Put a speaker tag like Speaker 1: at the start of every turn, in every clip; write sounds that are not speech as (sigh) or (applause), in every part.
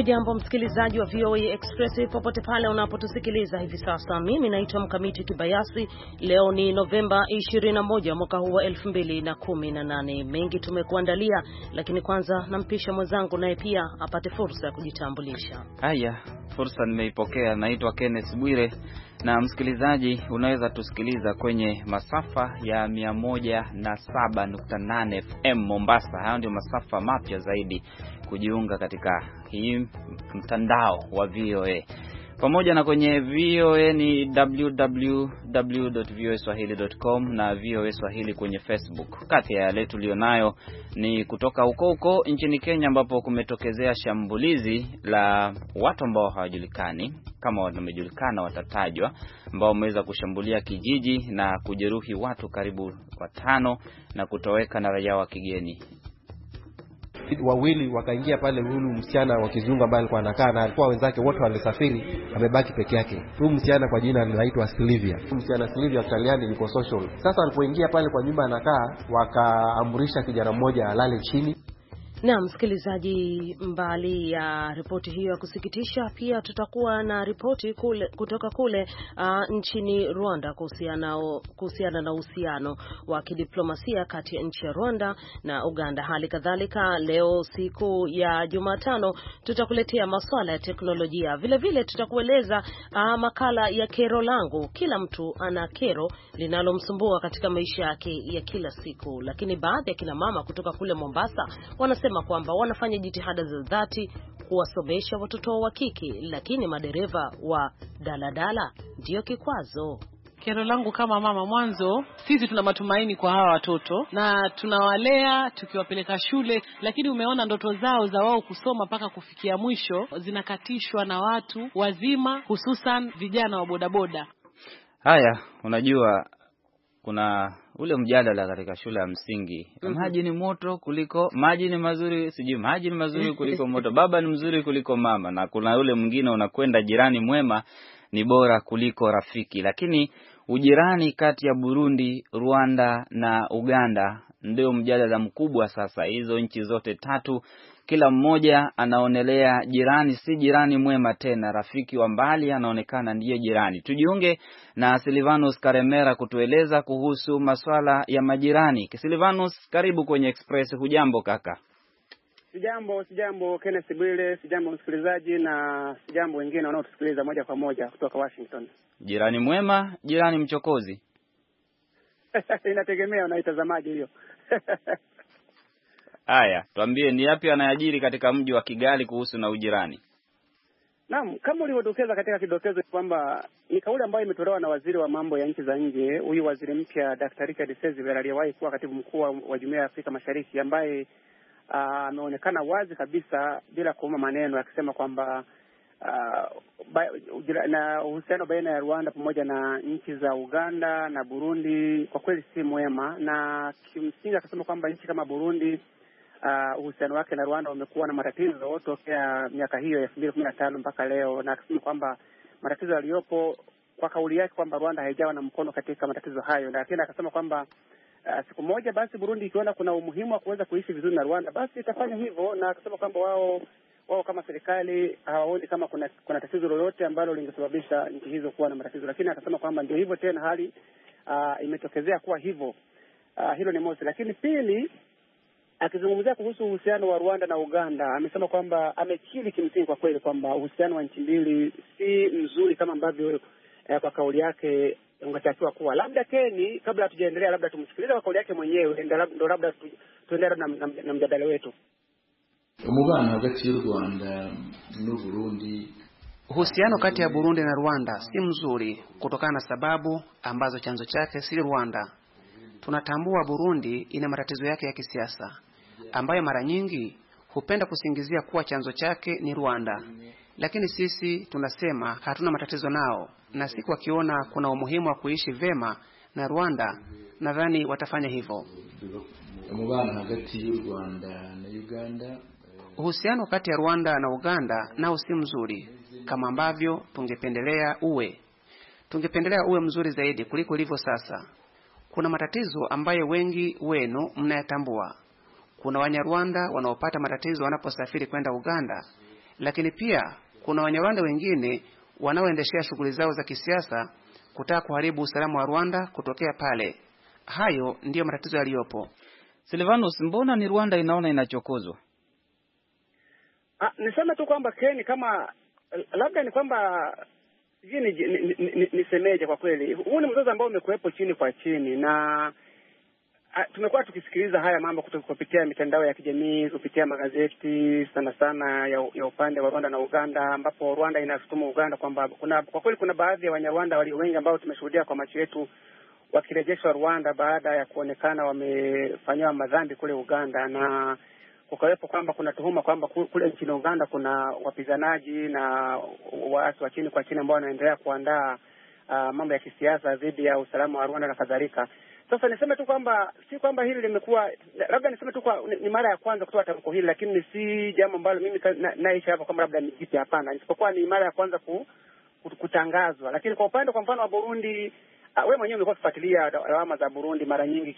Speaker 1: Hujambo msikilizaji wa VOA Express popote pale unapotusikiliza hivi sasa. Mimi naitwa Mkamiti Kibayasi. Leo ni Novemba 21 mwaka huu wa 2018. Mengi tumekuandalia, lakini kwanza nampisha mwenzangu naye pia apate fursa ya kujitambulisha.
Speaker 2: Haya, fursa nimeipokea. Naitwa Kenneth Bwire na msikilizaji, unaweza tusikiliza kwenye masafa ya 107.8 FM Mombasa. Hayo ndio masafa mapya zaidi kujiunga katika hii mtandao wa VOA pamoja na kwenye VOA ni www.voaswahili.com na VOA Swahili kwenye Facebook. Kati ya yale tuliyonayo ni kutoka huko huko nchini Kenya, ambapo kumetokezea shambulizi la watu ambao hawajulikani, kama wamejulikana watatajwa, ambao wameweza kushambulia kijiji na kujeruhi watu karibu watano
Speaker 3: na kutoweka na raia wa kigeni wawili wakaingia pale, huyu msichana wa kizungu ambaye alikuwa anakaa na alikuwa wenzake wote walisafiri, amebaki peke yake. Huyu msichana kwa jina linaitwa Silvia. Msichana Silvia Italiani yuko social. Sasa alipoingia pale kwa nyumba anakaa, wakaamrisha kijana mmoja alale chini.
Speaker 1: Na msikilizaji, mbali ya ripoti hiyo ya kusikitisha, pia tutakuwa na ripoti kule, kutoka kule uh, nchini Rwanda kuhusiana na uhusiano wa kidiplomasia kati ya nchi ya Rwanda na Uganda. Hali kadhalika leo siku ya Jumatano tutakuletea masuala ya teknolojia, vilevile tutakueleza uh, makala ya kero langu. Kila mtu ana kero linalomsumbua katika maisha yake ya kila siku, lakini baadhi ya kina mama kutoka kule Mombasa wanasema amesema kwamba wanafanya jitihada za dhati kuwasomesha watoto wa kike, lakini madereva wa daladala ndiyo kikwazo.
Speaker 4: Kero langu kama mama, mwanzo sisi tuna matumaini kwa hawa watoto na tunawalea tukiwapeleka shule, lakini umeona ndoto zao za wao kusoma mpaka kufikia mwisho zinakatishwa na watu wazima, hususan vijana wa bodaboda.
Speaker 2: Haya, unajua kuna ule mjadala katika shule ya msingi mm -hmm. Maji ni moto kuliko maji ni mazuri, sijui maji ni mazuri (laughs) kuliko moto, baba ni mzuri kuliko mama, na kuna yule mwingine unakwenda, jirani mwema ni bora kuliko rafiki. Lakini ujirani kati ya Burundi, Rwanda na Uganda ndio mjadala mkubwa sasa. Hizo nchi zote tatu kila mmoja anaonelea jirani si jirani mwema tena, rafiki wa mbali anaonekana ndiye jirani. Tujiunge na Silvanus Karemera kutueleza kuhusu masuala ya majirani. Silvanus, karibu kwenye Express. Hujambo kaka?
Speaker 5: Sijambo, sijambo Kenneth Bwile, sijambo msikilizaji, na sijambo wengine wanaotusikiliza moja kwa moja kutoka Washington.
Speaker 2: Jirani mwema, jirani mchokozi,
Speaker 5: (laughs) inategemea unaitazamaje hiyo (laughs)
Speaker 2: Haya, tuambie ni yapi anayajiri katika mji wa Kigali kuhusu na ujirani?
Speaker 5: Naam, kama ulivyodokeza katika kidokezo kwamba ni kauli ambayo imetolewa na waziri wa mambo ya nchi za nje, huyu waziri mpya Daktari Richard Sezibera aliyewahi kuwa katibu mkuu wa Jumuiya ya Afrika Mashariki, ambaye ah, ameonekana wazi kabisa bila kuuma maneno akisema kwamba ah, na uhusiano baina ya Rwanda pamoja na nchi za Uganda na Burundi kwa kweli si mwema, na kimsingi akasema kwamba nchi kama Burundi Uh, uhusiano wake na Rwanda umekuwa na matatizo tokea miaka hiyo elfu mbili kumi na tano mpaka leo, na akisema kwamba matatizo yaliyopo kwa kauli yake kwamba Rwanda haijawa na mkono katika matatizo hayo, lakini akasema kwamba uh, siku moja basi Burundi ikiona kuna umuhimu wa kuweza kuishi vizuri na Rwanda basi itafanya hivyo, na akasema kwamba wao wao kama serikali hawaoni kama kuna kuna tatizo lolote ambalo lingesababisha nchi hizo kuwa na matatizo, lakini akasema kwamba ndio hivyo tena, hali uh, imetokezea kuwa hivyo. Uh, hilo ni mosi, lakini pili Akizungumzia kuhusu uhusiano wa Rwanda na Uganda, amesema kwamba amekiri kimsingi kwa kweli kwamba uhusiano wa nchi mbili si mzuri kama ambavyo eh, kwa kauli yake ungetakiwa kuwa. Labda Keni, kabla hatujaendelea, labda tumsikilize kwa kauli yake mwenyewe, ndo labda tuendelee na, na, na mjadala wetu.
Speaker 3: umubano hagati y'u Rwanda n'u Burundi Uhusiano kati ya Burundi na Rwanda si mzuri
Speaker 5: kutokana na sababu ambazo chanzo chake si Rwanda Tunatambua Burundi ina matatizo yake ya kisiasa ambayo mara nyingi hupenda kusingizia kuwa chanzo chake ni Rwanda, lakini sisi tunasema hatuna matatizo nao, na siku wakiona kuna umuhimu wa kuishi vema na Rwanda nadhani watafanya hivyo.
Speaker 3: Eh,
Speaker 5: Uhusiano kati ya Rwanda na Uganda nao si mzuri kama ambavyo tungependelea uwe tungependelea uwe mzuri zaidi kuliko ilivyo sasa. Kuna matatizo ambayo wengi wenu mnayatambua. Kuna Wanyarwanda wanaopata matatizo wanaposafiri kwenda Uganda, lakini pia kuna Wanyarwanda wengine wanaoendeshea shughuli zao za kisiasa kutaka kuharibu usalama wa Rwanda kutokea pale. Hayo ndiyo matatizo
Speaker 2: yaliyopo. Silvanus, mbona ni Rwanda inaona inachokozwa?
Speaker 5: Ah, niseme tu kwamba Keni, kama labda ni kwamba sijui nisemeje, kwa kweli huu ni mzozo ambao umekuwepo chini kwa chini na ah, tumekuwa tukisikiliza haya mambo kupitia mitandao ya kijamii, kupitia magazeti sana sana ya, ya upande wa Rwanda na Uganda, ambapo Rwanda inasukuma Uganda kwamba kuna kwa kweli kuna baadhi ya Wanyarwanda walio wengi ambao tumeshuhudia kwa macho yetu wakirejeshwa Rwanda baada ya kuonekana wamefanyiwa madhambi kule Uganda, na kukawepo kwamba kuna tuhuma kwamba kule nchini Uganda kuna wapiganaji na waasi wa chini kwa chini ambao wanaendelea kuandaa uh, mambo ya kisiasa dhidi ya usalama wa Rwanda na kadhalika. Sasa niseme tu kwamba si kwamba hili limekuwa, labda niseme tu kwa ni mara ya kwanza kutoa tamko hili, lakini si jambo ambalo mimi naisha na hapa kwamba labda ni jipya, hapana, isipokuwa ni mara ya kwanza ku, kutangazwa. Lakini kwa upande kwa mfano wa Burundi Ah, wewe mwenyewe umekuwa ukifuatilia lawama za Burundi mara nyingi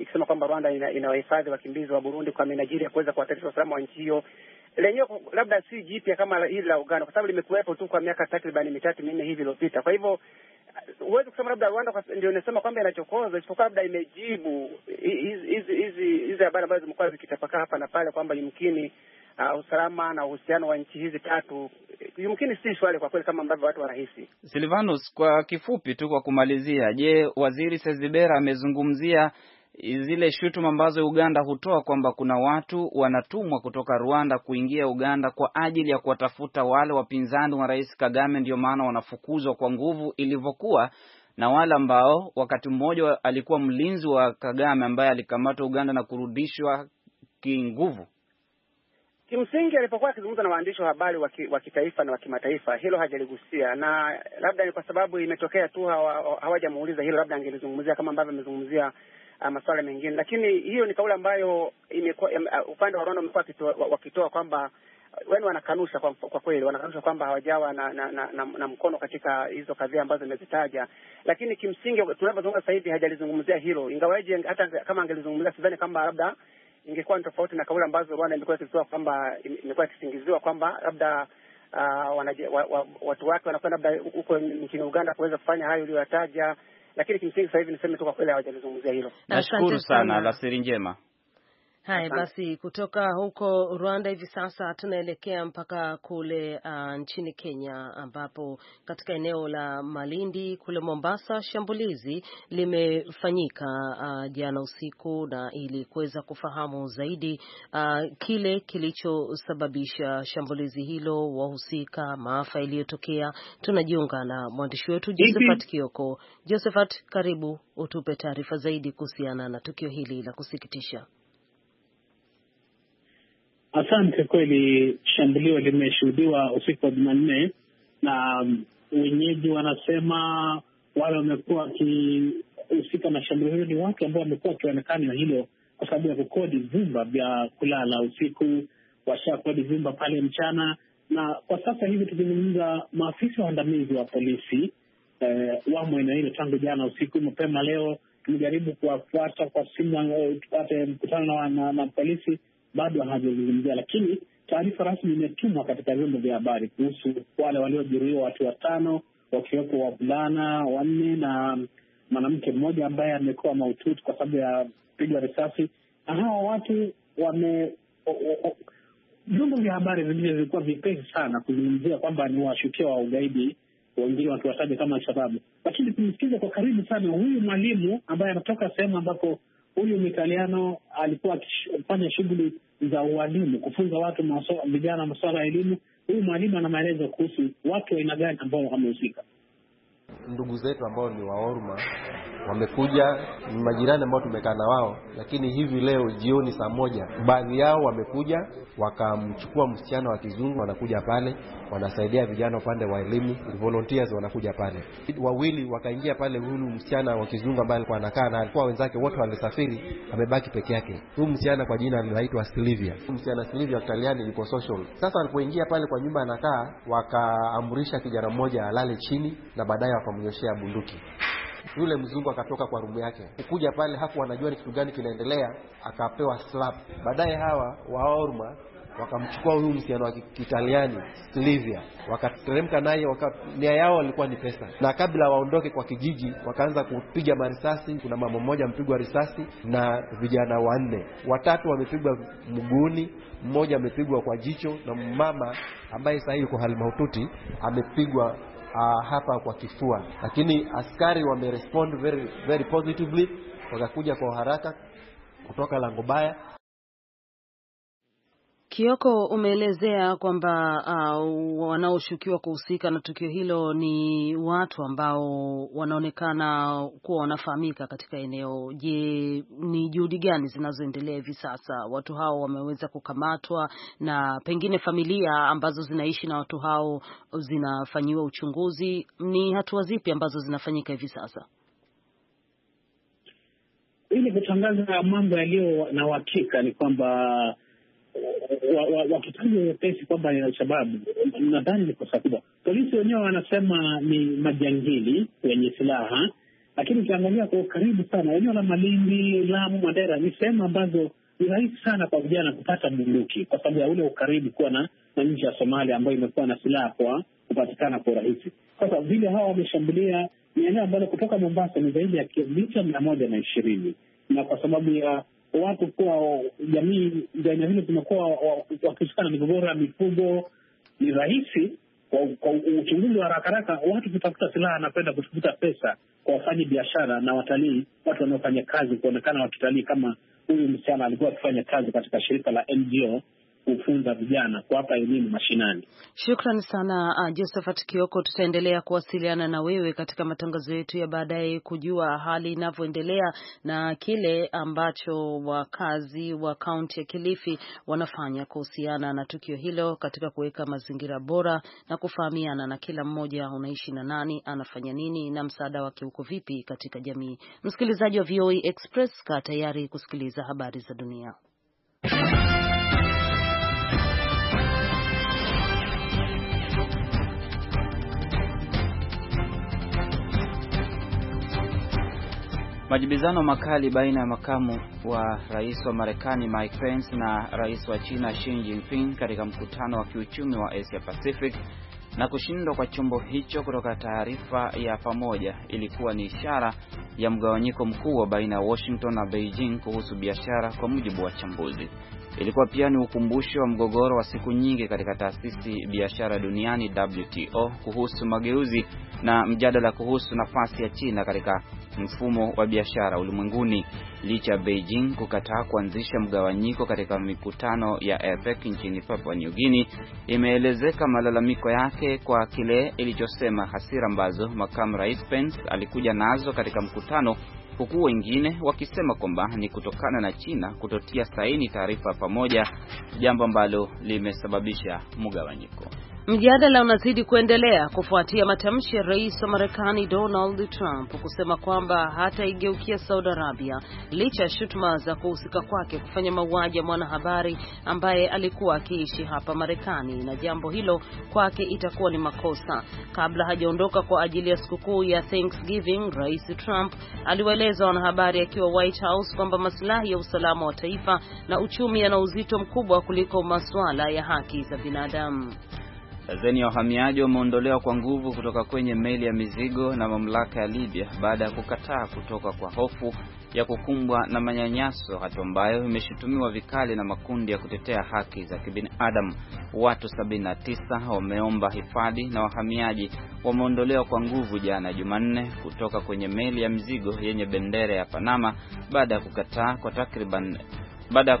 Speaker 5: ikisema kwamba Rwanda inawahifadhi ina wakimbizi wa Burundi kwa minajili ya kuweza kuhatarisha usalama wa nchi hiyo. Lenyewe labda si jipya kama hili la Uganda, kwa sababu limekuwepo tu kwa miaka takribani mitatu minne hivi iliyopita. Kwa hivyo ah, huwezi kusema labda Rwanda ndio inasema kwamba inachokoza, isipokuwa labda imejibu hizi habari ambazo zimekuwa zikitapakaa hapa na pale kwamba yumkini uh, usalama na uhusiano wa nchi hizi tatu eh, yumkini si swali kwa kweli kama ambavyo watu wanahisi.
Speaker 2: Silvanus, kwa kifupi tu kwa kumalizia, je, Waziri Sezibera amezungumzia zile shutuma ambazo Uganda hutoa kwamba kuna watu wanatumwa kutoka Rwanda kuingia Uganda kwa ajili ya kuwatafuta wale wapinzani wa Rais Kagame, ndio maana wanafukuzwa kwa nguvu ilivyokuwa na wale ambao wakati mmoja alikuwa mlinzi wa Kagame ambaye alikamatwa Uganda na kurudishwa kinguvu.
Speaker 5: Kimsingi alipokuwa akizungumza na waandishi wa habari wa kitaifa na wa kimataifa, hilo hajaligusia, na labda ni kwa sababu imetokea tu hawajamuuliza hilo, labda angelizungumzia kama ambavyo amezungumzia ah, masuala mengine. Lakini hiyo ni kauli ambayo ah, upande wa Rwanda umekuwa wakitoa kwamba wani wanakanusha kwa, kwa kweli wanakanusha kwamba hawajawa na na, na, na na mkono katika hizo kadhia ambazo imezitaja lakini kimsingi tunavyozungumza sasa hivi hajalizungumzia hilo, ingawaje hata kama angelizungumzia sidhani kwamba labda ingekuwa ni tofauti na kauli ambazo Rwanda imekuwa ikizua kwamba imekuwa ikisingiziwa kwamba labda uh, wanaje, wa, wa, watu wake wanakwenda labda huko nchini Uganda kuweza kufanya hayo uliyoyataja, lakini kimsingi sasa hivi niseme tu kwa kweli hawajalizungumzia hilo. Nashukuru sana, sana.
Speaker 2: Lasiri njema.
Speaker 1: Haya basi, kutoka huko Rwanda hivi sasa tunaelekea mpaka kule uh, nchini Kenya, ambapo katika eneo la Malindi kule Mombasa shambulizi limefanyika uh, jana usiku, na ili kuweza kufahamu zaidi uh, kile kilichosababisha shambulizi hilo, wahusika, maafa yaliyotokea, tunajiunga na mwandishi wetu Josephat Kioko. Josephat, karibu utupe taarifa zaidi kuhusiana na tukio hili la kusikitisha.
Speaker 6: Asante. Kweli shambulio limeshuhudiwa usiku wa Jumanne na um, wenyeji wanasema wale wamekuwa wakihusika na shambulio hilo ni watu ambao wamekuwa wakionekana na hilo kwa sababu ya kukodi vyumba vya kulala usiku, washakodi vyumba pale mchana, na kwa sasa hivi tukizungumza, maafisa waandamizi wa polisi eh, wamo eneo hilo tangu jana usiku. Mapema leo tumejaribu kuwafuata kwa simu eh, tupate mkutano na, na, na polisi bado hawajazungumzia lakini taarifa rasmi imetumwa katika vyombo vya habari kuhusu wale waliojeruhiwa, watu watano wakiwepo wavulana wanne na mwanamke mmoja ambaye amekuwa mahututi kwa sababu ya pigwa risasi, na hawa watu wame vyombo vya habari vingine vilikuwa vipesi sana kuzungumzia kwamba ni washukiwa wa ugaidi, wengine wakiwataja kama Alshababu. Lakini tumsikize kwa karibu sana huyu mwalimu ambaye anatoka sehemu ambapo huyu Mikaliano alikuwa akifanya shughuli za ualimu, kufunza watu vijana masuala ya elimu. Huyu mwalimu ana maelezo kuhusu watu wa aina gani ambao wamehusika
Speaker 3: ndugu zetu ambao ni waorma wamekuja, ni majirani ambao tumekaa na wao, lakini hivi leo jioni saa moja, baadhi yao wamekuja wakamchukua msichana wa kizungu, wanakuja pale wanasaidia vijana upande wa elimu, volunteers wanakuja pale wawili, wakaingia pale. Huyu msichana wa kizungu ambaye alikuwa anakaa na alikuwa wenzake wote walisafiri, amebaki peke yake. Huyu msichana kwa jina linaitwa Silvia, msichana Silvia Italiani yuko social. Sasa walipoingia pale kwa nyumba anakaa, wakaamrisha kijana mmoja alale chini na baadaye akamnyoshea bunduki. Yule mzungu akatoka kwa rumu yake kukuja pale, haku anajua ni kitu gani kinaendelea, akapewa slap. Baadaye hawa waorma wakamchukua huyu msichana wa Kitaliani Silvia, wakateremka naye waka, nia yao walikuwa ni pesa, na kabla waondoke kwa kijiji wakaanza kupiga marisasi. Kuna mama mmoja amepigwa risasi na vijana wanne, watatu wamepigwa mguuni, mmoja amepigwa kwa jicho, na mama ambaye sahii yuko hali mahututi amepigwa uh, hapa kwa kifua, lakini askari wamerespond very, very positively, wakakuja kwa haraka kutoka lango baya
Speaker 1: Kioko, umeelezea kwamba uh, wanaoshukiwa kuhusika na tukio hilo ni watu ambao wanaonekana kuwa wanafahamika katika eneo. Je, ni juhudi gani zinazoendelea hivi sasa? Watu hao wameweza kukamatwa, na pengine familia ambazo zinaishi na watu hao zinafanyiwa uchunguzi. Ni hatua zipi ambazo zinafanyika hivi sasa
Speaker 6: ili kutangaza mambo yaliyo na uhakika? Ni kwamba wakitaja wepesi kwamba ni Alshababu, nadhani ni kosa kubwa. Polisi wenyewe wanasema ni majangili wenye silaha, lakini ukiangalia kwa ukaribu sana, eneo la Malindi, Lamu, Mandera ni sehemu ambazo ni rahisi sana kwa vijana kupata bunduki kwa sababu ya ule ukaribu kuwa na na nchi ya Somalia ambayo imekuwa na silaha kwa kupatikana kwa urahisi. Sasa vile hawa wameshambulia ni eneo ambalo kutoka Mombasa ni zaidi ya kilomita mia moja na ishirini na kwa sababu ya watu kuwa jamii za aina hilo zimekuwa wakihusika na migogoro ya mifugo, ni rahisi kwa uchunguzi wa haraka haraka watu kutafuta silaha na kwenda kutafuta pesa kwa wafanyi biashara na watalii, watu wanaofanya kazi kuonekana wakitalii, kama huyu msichana alikuwa akifanya kazi katika shirika la NGO kufunza vijana, kuwapa elimu mashinani.
Speaker 1: Shukran sana uh, Josephat Kioko, tutaendelea kuwasiliana na wewe katika matangazo yetu ya baadaye kujua hali inavyoendelea na kile ambacho wakazi wa kaunti ya Kilifi wanafanya kuhusiana na tukio hilo katika kuweka mazingira bora na kufahamiana na kila mmoja unaishi na nani, anafanya nini na msaada wake uko vipi katika jamii. Msikilizaji wa VOA e Express, kaa tayari kusikiliza habari za dunia.
Speaker 2: Majibizano makali baina ya makamu wa rais wa Marekani Mike Pence na rais wa China Xi Jinping katika mkutano wa kiuchumi wa Asia Pacific na kushindwa kwa chombo hicho kutoka taarifa ya pamoja ilikuwa ni ishara ya mgawanyiko mkubwa baina ya Washington na Beijing kuhusu biashara, kwa mujibu wa wachambuzi. Ilikuwa pia ni ukumbusho wa mgogoro wa siku nyingi katika taasisi biashara duniani WTO kuhusu mageuzi na mjadala kuhusu nafasi ya China katika mfumo wa biashara ulimwenguni. Licha ya Beijing kukataa kuanzisha mgawanyiko katika mikutano ya APEC nchini Papua New Guinea, imeelezeka malalamiko yake kwa kile ilichosema hasira ambazo makamu rais Pence alikuja nazo katika mkutano huku wengine wakisema kwamba ni kutokana na China kutotia saini taarifa pamoja, jambo ambalo limesababisha
Speaker 7: mgawanyiko.
Speaker 1: Mjadala unazidi kuendelea kufuatia matamshi ya rais wa Marekani Donald Trump kusema kwamba hataigeukia Saudi Arabia licha ya shutuma za kuhusika kwake kufanya mauaji ya mwanahabari ambaye alikuwa akiishi hapa Marekani, na jambo hilo kwake itakuwa ni makosa. Kabla hajaondoka kwa ajili ya sikukuu ya Thanksgiving, rais Trump aliwaeleza wanahabari akiwa White House kwamba masilahi ya usalama wa taifa na uchumi yana uzito mkubwa kuliko masuala ya haki za binadamu.
Speaker 2: Dazeni ya wahamiaji wameondolewa kwa nguvu kutoka kwenye meli ya mizigo na mamlaka ya Libya baada ya kukataa kutoka kwa hofu ya kukumbwa na manyanyaso, hatua ambayo imeshutumiwa vikali na makundi ya kutetea haki za kibinadamu. Watu 79 wameomba hifadhi na wahamiaji wameondolewa kwa nguvu jana Jumanne kutoka kwenye meli ya mizigo yenye bendera ya Panama baada ya kukataa kwa takriban baada ya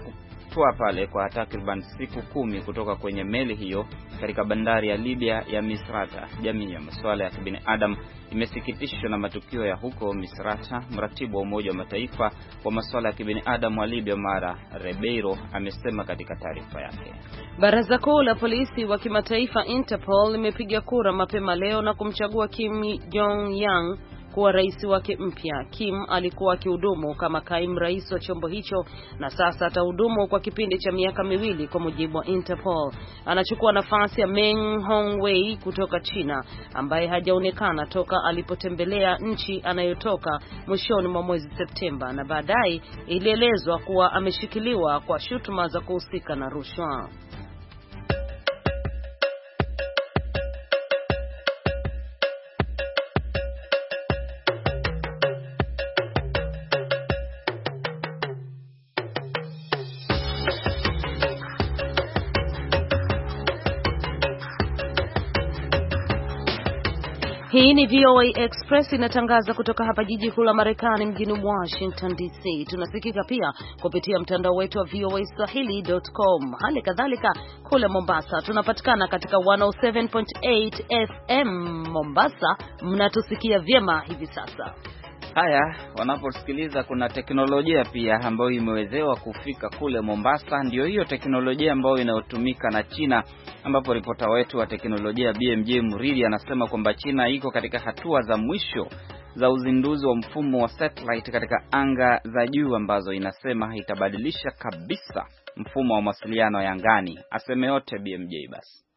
Speaker 2: kutua pale kwa takriban siku kumi kutoka kwenye meli hiyo katika bandari ya Libya ya Misrata. Jamii ya masuala ya kibinadamu imesikitishwa na matukio ya huko Misrata. Mratibu wa Umoja wa Mataifa wa masuala ya kibinadamu wa Libya Mara Rebeiro amesema katika taarifa yake.
Speaker 1: Baraza Kuu la Polisi wa Kimataifa Interpol limepiga kura mapema leo na kumchagua Kim Jong Yang kuwa rais wake mpya. Kim alikuwa akihudumu kama kaimu rais wa chombo hicho na sasa atahudumu kwa kipindi cha miaka miwili, kwa mujibu wa Interpol. Anachukua nafasi ya Meng Hongwei kutoka China ambaye hajaonekana toka alipotembelea nchi anayotoka mwishoni mwa mwezi Septemba, na baadaye ilielezwa kuwa ameshikiliwa kwa shutuma za kuhusika na rushwa. Hii ni VOA Express inatangaza kutoka hapa jiji kuu la Marekani mjini Washington DC. Tunasikika pia kupitia mtandao wetu wa voaswahili.com. Hali kadhalika kule Mombasa tunapatikana katika 107.8 FM Mombasa, mnatusikia vyema hivi sasa
Speaker 2: haya wanaposikiliza. Kuna teknolojia pia ambayo imewezewa kufika kule Mombasa, ndio hiyo teknolojia ambayo inayotumika na China, ambapo ripota wetu wa teknolojia BMJ Muridi anasema kwamba China iko katika hatua za mwisho za uzinduzi wa mfumo wa satellite katika anga za juu ambazo inasema itabadilisha kabisa mfumo wa mawasiliano ya angani. Aseme yote BMJ basi.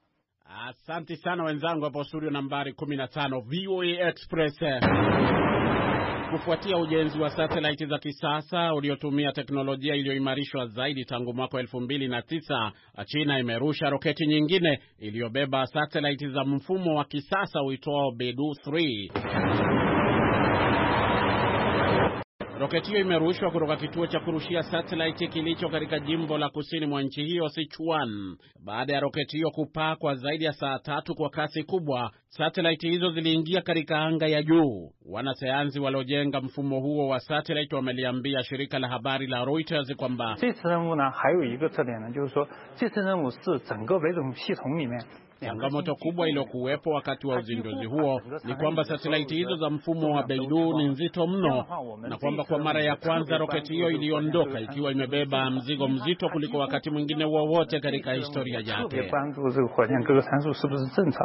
Speaker 7: Asante sana wenzangu hapo studio nambari 15 VOA Express. Kufuatia ujenzi wa satellite za kisasa uliotumia teknolojia iliyoimarishwa zaidi tangu mwaka 2009, China imerusha roketi nyingine iliyobeba satellite za mfumo wa kisasa uitwao Beidou 3. Roketi hiyo imerushwa kutoka kituo cha kurushia satelaiti kilicho katika jimbo la kusini mwa nchi hiyo Sichuan. Baada ya roketi hiyo kupaa kwa zaidi ya saa tatu kwa kasi kubwa, satellite hizo ziliingia katika anga ya juu. Wanasayansi waliojenga mfumo huo wa satellite wameliambia shirika la habari la Reuters kwamba Changamoto kubwa iliyokuwepo wakati wa uzinduzi huo ni kwamba satelaiti hizo za mfumo wa Beidou ni nzito mno, na kwamba kwa mara ya kwanza roketi hiyo iliondoka ikiwa imebeba mzigo mzito kuliko wakati mwingine wowote katika historia yake.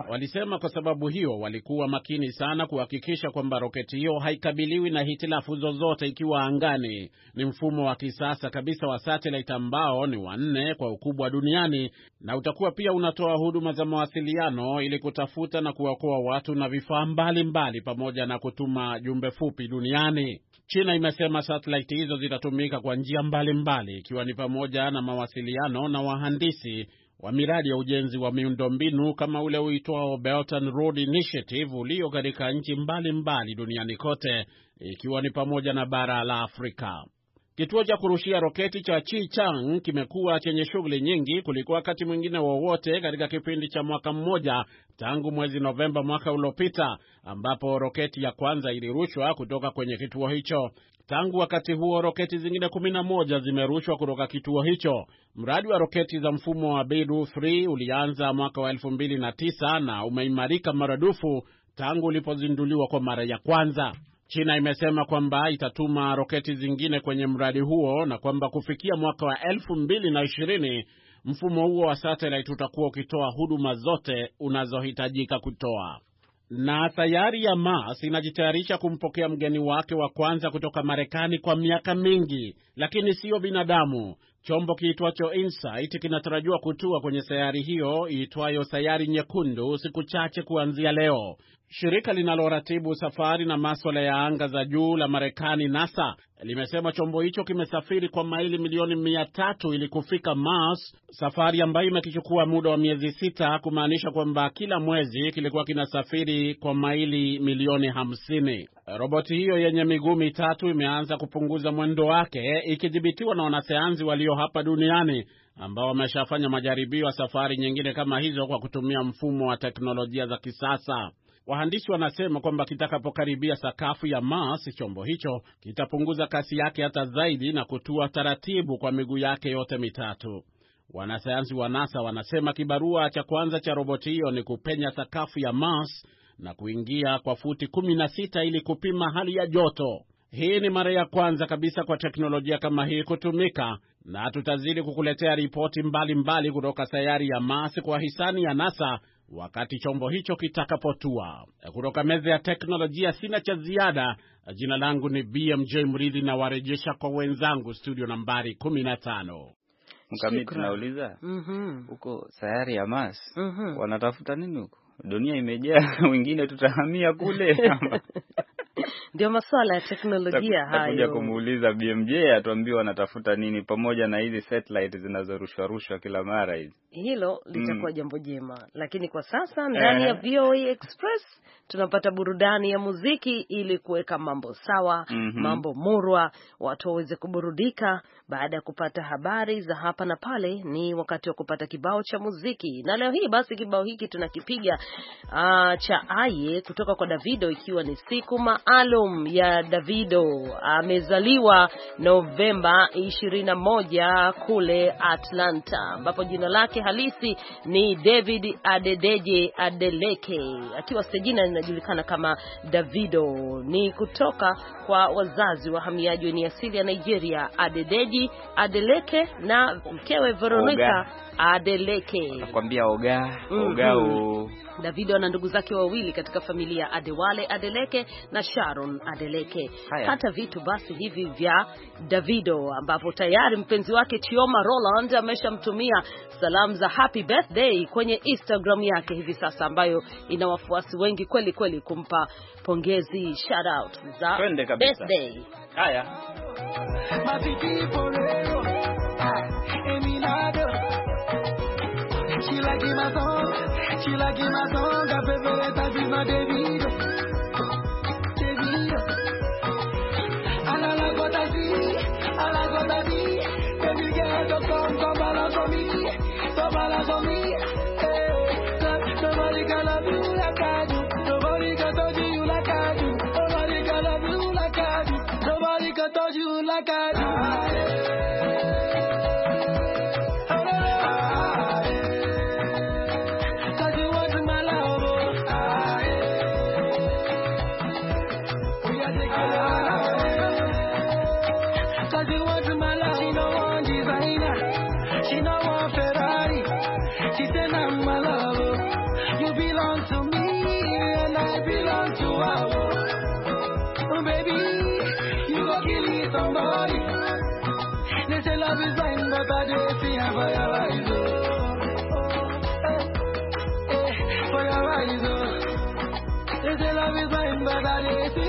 Speaker 7: Walisema kwa sababu hiyo walikuwa makini sana kuhakikisha kwamba roketi hiyo haikabiliwi na hitilafu zozote ikiwa angani. Ni mfumo wa kisasa kabisa wa satelaiti ambao ni wanne kwa ukubwa duniani na utakuwa pia unatoa huduma za mawasiliano ili kutafuta na kuwakoa watu na vifaa mbalimbali pamoja na kutuma jumbe fupi duniani. China imesema satelaiti hizo zitatumika kwa njia mbalimbali ikiwa ni pamoja na mawasiliano na wahandisi wa miradi ya ujenzi wa miundombinu kama ule uitwao Belt and Road Initiative ulio katika nchi mbalimbali duniani kote ikiwa ni pamoja na bara la Afrika. Kituo cha kurushia roketi cha chi chang kimekuwa chenye shughuli nyingi kuliko wakati mwingine wowote katika kipindi cha mwaka mmoja tangu mwezi Novemba mwaka uliopita, ambapo roketi ya kwanza ilirushwa kutoka kwenye kituo hicho. Tangu wakati huo roketi zingine kumi na moja zimerushwa kutoka kituo hicho. Mradi wa roketi za mfumo wa Beidou 3 ulianza mwaka wa elfu na tisa na umeimarika maradufu tangu ulipozinduliwa kwa mara ya kwanza. China imesema kwamba itatuma roketi zingine kwenye mradi huo na kwamba kufikia mwaka wa elfu mfumo huo wa satellite utakuwa ukitoa huduma zote unazohitajika kutoa. Na sayari ya Mars inajitayarisha kumpokea mgeni wake wa kwanza kutoka Marekani kwa miaka mingi, lakini siyo binadamu. Chombo kiitwacho InSight kinatarajiwa kutua kwenye sayari hiyo iitwayo Sayari Nyekundu siku chache kuanzia leo. Shirika linaloratibu safari na maswala ya anga za juu la Marekani, NASA, limesema chombo hicho kimesafiri kwa maili milioni mia tatu ili kufika Mars, safari ambayo imekichukua muda wa miezi sita, kumaanisha kwamba kila mwezi kilikuwa kinasafiri kwa maili milioni hamsini. Roboti hiyo yenye miguu mitatu imeanza kupunguza mwendo wake, ikidhibitiwa na wanasayansi walio hapa duniani ambao wameshafanya majaribio ya safari nyingine kama hizo kwa kutumia mfumo wa teknolojia za kisasa. Wahandisi wanasema kwamba kitakapokaribia sakafu ya Mars, chombo hicho kitapunguza kasi yake hata zaidi na kutua taratibu kwa miguu yake yote mitatu. Wanasayansi wa NASA wanasema kibarua cha kwanza cha roboti hiyo ni kupenya sakafu ya Mars na kuingia kwa futi 16 ili kupima hali ya joto. Hii ni mara ya kwanza kabisa kwa teknolojia kama hii kutumika, na tutazidi kukuletea ripoti mbalimbali kutoka sayari ya Mars kwa hisani ya NASA wakati chombo hicho kitakapotua. Kutoka meza ya teknolojia sina cha ziada. Jina langu ni BMJ Mridhi, nawarejesha kwa wenzangu studio nambari kumi na tano. Mkamiti, nauliza
Speaker 2: mhm. huko mm -hmm. sayari ya Mars mm -hmm. wanatafuta nini huko? Dunia imejaa (laughs) wengine tutahamia kule (laughs)
Speaker 1: Ndio masuala ya teknolojia hayo.
Speaker 2: kumuuliza BMJ atuambie wanatafuta nini pamoja na hizi satellite zinazorushwa rushwa kila mara hizi.
Speaker 1: Hilo litakuwa mm, jambo jema, lakini kwa sasa ndani ya eh. VOA e Express tunapata burudani ya muziki ili kuweka mambo sawa,
Speaker 8: mm -hmm, mambo
Speaker 1: murwa, watu waweze kuburudika baada ya kupata habari za hapa na pale. Ni wakati wa kupata kibao cha muziki, na leo hii basi kibao hiki tunakipiga uh, cha Aye kutoka kwa Davido, ikiwa ni siku maa maalum ya Davido amezaliwa Novemba 21 kule Atlanta, ambapo jina lake halisi ni David Adedeje Adeleke, akiwa sijina linajulikana kama Davido. Ni kutoka kwa wazazi wahamiaji wenye asili ya Nigeria, Adedeji Adeleke na mkewe Veronica Adeleke. Nakwambia
Speaker 2: oga oga mm -hmm.
Speaker 1: Davido ana ndugu zake wawili katika familia, Adewale Adeleke na Sharon Adeleke. Hata vitu basi hivi vya Davido, ambapo tayari mpenzi wake Chioma Roland ameshamtumia salamu za happy birthday kwenye Instagram yake hivi sasa, ambayo ina wafuasi wengi kweli kweli, kumpa pongezi, shout out za birthday. Haya.
Speaker 8: She like in my song. She like in my song. I prefer that I my baby. baddest. you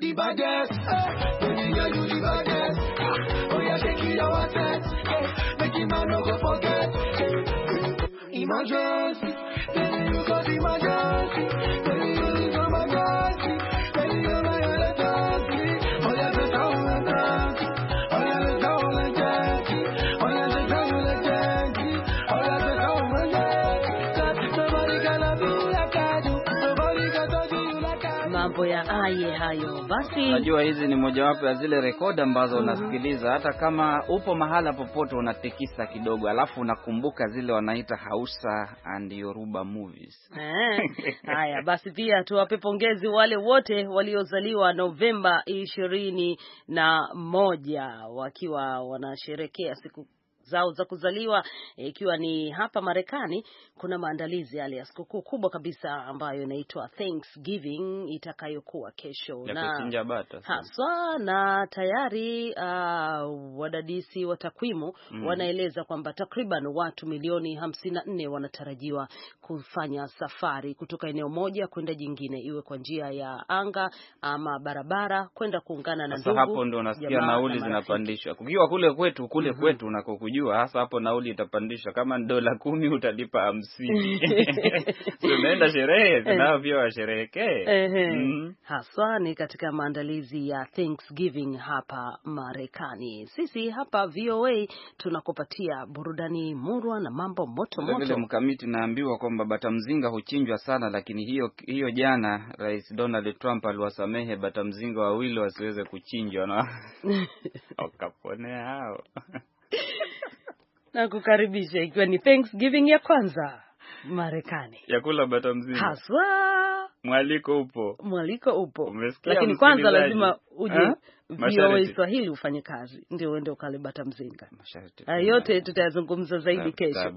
Speaker 8: the baddest. it make forget. imagine.
Speaker 1: mambo ya aye hayo. Basi Unajua,
Speaker 2: hizi ni mojawapo ya zile rekodi ambazo mm -hmm. unasikiliza hata kama upo mahala popote, unatikisa kidogo, alafu unakumbuka zile wanaita Hausa and Yoruba movies.
Speaker 1: Eh, haya basi, pia tuwape pongezi wale wote waliozaliwa Novemba ishirini na moja wakiwa wanasherekea siku zao za kuzaliwa, ikiwa ni hapa Marekani kuna maandalizi yale ya sikukuu kubwa kabisa ambayo inaitwa Thanksgiving itakayokuwa kesho na haswa, na tayari uh, wadadisi wa takwimu mm, wanaeleza kwamba takriban watu milioni nne wanatarajiwa kufanya safari kutoka eneo moja kwenda jingine, iwe kwa njia ya anga ama barabara, kwenda kuungana na ndugu. Hapo ndo unasikia nauli
Speaker 2: zinapandishwa kukiwa kule kwetu kule mm -hmm. kwetu unakokujua unajua hasa hapo nauli itapandishwa, kama ni dola kumi utalipa hamsini unaenda (laughs) sherehe zinavyo eh. washerehekee mm-hmm.
Speaker 1: Haswa ni katika maandalizi ya Thanksgiving hapa Marekani. Sisi hapa VOA tunakupatia burudani murwa na mambo moto
Speaker 2: mkamiti, naambiwa kwamba batamzinga huchinjwa sana, lakini hiyo hiyo jana Rais Donald Trump aliwasamehe batamzinga wawili wasiweze kuchinjwa na (laughs) wakaponea hao
Speaker 1: (laughs) na kukaribisha ikiwa ni Thanksgiving ya kwanza Marekani
Speaker 2: ya kula bata mzima haswa. Mwaliko upo, mwaliko upo, lakini kwanza lazima uje ha? Eh?
Speaker 1: VOA Swahili ufanye kazi ndio uende ukalibata mzinga. Hayo yote tutayazungumza zaidi
Speaker 2: kesho,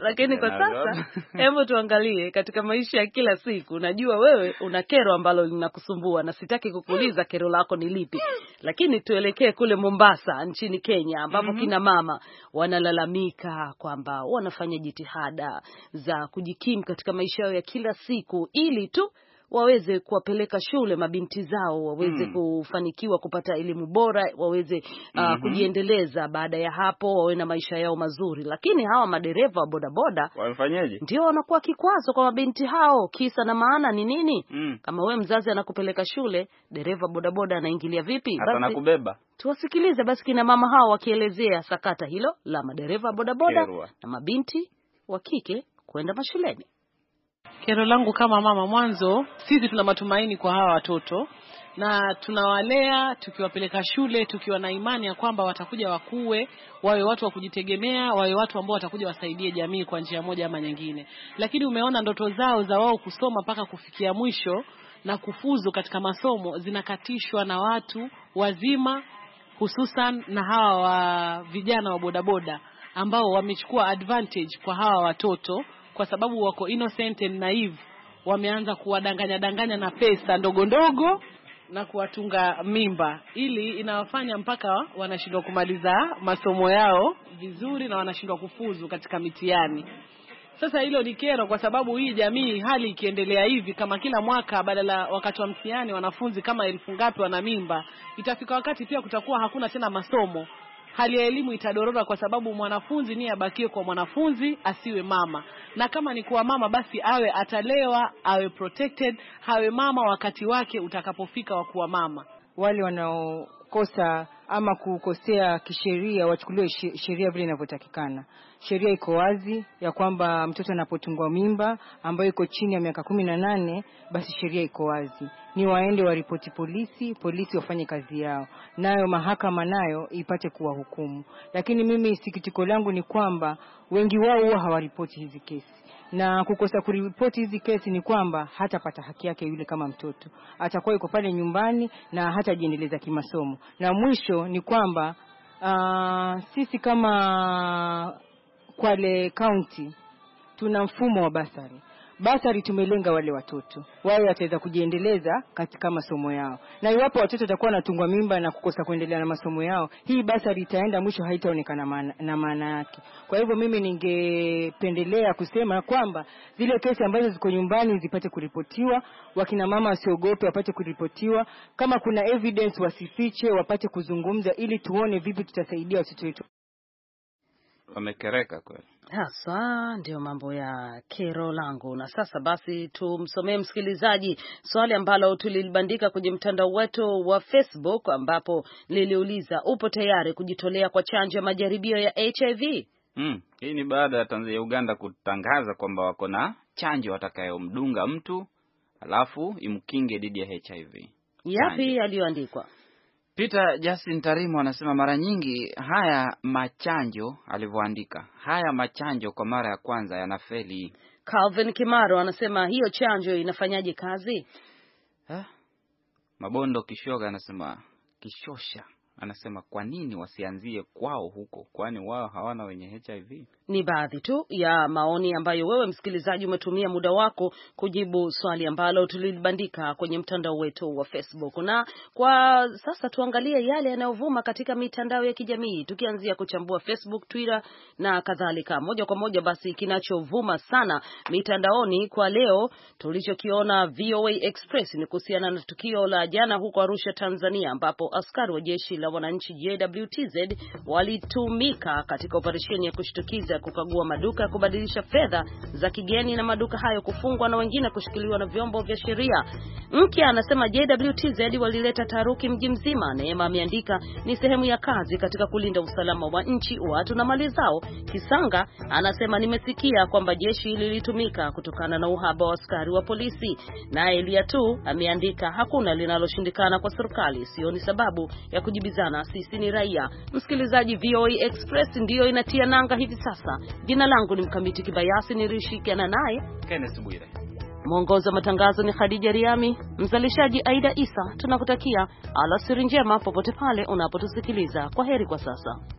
Speaker 2: lakini kwa sasa
Speaker 1: (laughs) hebu tuangalie katika maisha ya kila siku. Najua wewe una kero ambalo linakusumbua na sitaki kukuuliza kero lako ni lipi, lakini tuelekee kule Mombasa nchini Kenya ambapo mm -hmm. kina mama wanalalamika kwamba wanafanya jitihada za kujikimu katika maisha yao ya kila siku ili tu waweze kuwapeleka shule mabinti zao waweze mm. kufanikiwa kupata elimu bora, waweze uh, mm -hmm. kujiendeleza. Baada ya hapo wawe na maisha yao mazuri, lakini hawa madereva wa bodaboda wamfanyaje Ndio wanakuwa kikwazo kwa mabinti hao. Kisa na maana ni nini? mm. Kama wewe mzazi anakupeleka shule, dereva bodaboda anaingilia vipi? Hata Tuwasikilize basi kina mama hao wakielezea sakata hilo la madereva bodaboda na mabinti wa kike kwenda mashuleni. Kero
Speaker 4: langu kama mama, mwanzo sisi tuna matumaini kwa hawa watoto na tunawalea tukiwapeleka shule tukiwa na imani ya kwamba watakuja wakuwe, wawe watu wa kujitegemea, wawe watu ambao watakuja wasaidie jamii kwa njia moja ama nyingine. Lakini umeona ndoto zao za wao kusoma mpaka kufikia mwisho na kufuzu katika masomo zinakatishwa na watu wazima, hususan na hawa wa vijana wa bodaboda ambao wamechukua advantage kwa hawa watoto kwa sababu wako innocent and naive, wameanza kuwadanganya danganya na pesa ndogo ndogo na kuwatunga mimba, ili inawafanya mpaka wanashindwa kumaliza masomo yao vizuri na wanashindwa kufuzu katika mitihani. Sasa hilo ni kero, kwa sababu hii jamii, hali ikiendelea hivi, kama kila mwaka badala wakati wa mtihani wanafunzi kama elfu ngapi wana mimba, itafika wakati pia kutakuwa hakuna tena masomo hali ya elimu itadorora, kwa sababu mwanafunzi niye abakie kwa mwanafunzi, asiwe mama, na kama ni kuwa mama, basi awe atalewa,
Speaker 9: awe protected,
Speaker 4: hawe mama wakati wake utakapofika wa kuwa mama.
Speaker 9: Wale wanaokosa ama kukosea kisheria wachukuliwe sheria vile inavyotakikana. Sheria iko wazi ya kwamba mtoto anapotungwa mimba ambayo iko chini ya miaka kumi na nane, basi sheria iko wazi ni waende waripoti polisi, polisi wafanye kazi yao, nayo mahakama nayo ipate kuwahukumu. Lakini mimi sikitiko langu ni kwamba wengi wao huwa hawaripoti hizi kesi na kukosa kuripoti hizi kesi ni kwamba hatapata haki yake yule kama mtoto, atakuwa yuko pale nyumbani na hatajiendeleza kimasomo. Na mwisho ni kwamba uh, sisi kama Kwale County tuna mfumo wa basari basari tumelenga wale watoto wawe wataweza kujiendeleza katika masomo yao, na iwapo watoto watakuwa wanatungwa mimba na kukosa kuendelea na masomo yao, hii basari itaenda mwisho, haitaonekana na maana yake. Kwa hivyo mimi ningependelea kusema kwamba zile kesi ambazo ziko nyumbani zipate kuripotiwa, wakina mama wasiogope, wapate kuripotiwa, kama kuna evidence wasifiche, wapate kuzungumza, ili tuone vipi tutasaidia watoto wetu
Speaker 2: wamekereka kweli
Speaker 9: haswa, ndio mambo ya kero langu. Na sasa basi,
Speaker 1: tumsomee msikilizaji swali ambalo tulilibandika kwenye mtandao wetu wa Facebook, ambapo liliuliza upo tayari kujitolea kwa chanjo ya majaribio ya HIV?
Speaker 2: Hmm, hii ni baada ya Tanzania Uganda kutangaza kwamba wako na chanjo watakayomdunga mtu alafu imkinge dhidi ya HIV. Yapi
Speaker 1: yaliyoandikwa?
Speaker 2: Peter Justin Tarimo anasema mara nyingi haya machanjo, alivyoandika haya machanjo kwa mara ya kwanza yanafeli.
Speaker 1: Calvin Kimaro anasema hiyo chanjo inafanyaje kazi ha?
Speaker 2: Eh? Mabondo Kishoga anasema kishosha anasema kwa nini wasianzie kwao huko, kwani wao hawana wenye HIV?
Speaker 1: Ni baadhi tu ya maoni ambayo wewe msikilizaji umetumia muda wako kujibu swali ambalo tulilibandika kwenye mtandao wetu wa Facebook. Na kwa sasa tuangalie yale yanayovuma katika mitandao ya kijamii, tukianzia kuchambua Facebook, Twitter na kadhalika. Moja kwa moja basi, kinachovuma sana mitandaoni kwa leo tulichokiona VOA Express ni kuhusiana na tukio la jana huko Arusha, Tanzania, ambapo askari wa jeshi la wananchi JWTZ walitumika katika operesheni ya kushtukiza kukagua maduka ya kubadilisha fedha za kigeni na maduka hayo kufungwa na wengine kushikiliwa na vyombo vya sheria. Mke anasema JWTZ walileta taharuki mji mzima. Neema ameandika ni sehemu ya kazi katika kulinda usalama wa nchi, watu na mali zao. Kisanga anasema nimesikia kwamba jeshi lilitumika kutokana na uhaba wa askari wa polisi. Naye Elia tu ameandika hakuna linaloshindikana kwa serikali, ni sababu ya kujibiza kusikiliza, sisi ni raia. Msikilizaji, VOA Express ndiyo inatia nanga hivi sasa. Jina langu ni Mkamiti Kibayasi, nilishirikiana naye Kenneth Bwire. Mwongozi wa matangazo ni Khadija Riami, mzalishaji Aida Isa. Tunakutakia alasiri njema popote pale unapotusikiliza. Kwa heri kwa sasa.